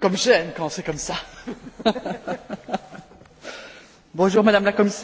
comme gêne quand c'est comme ça. Bonjour Madame la Commissaire.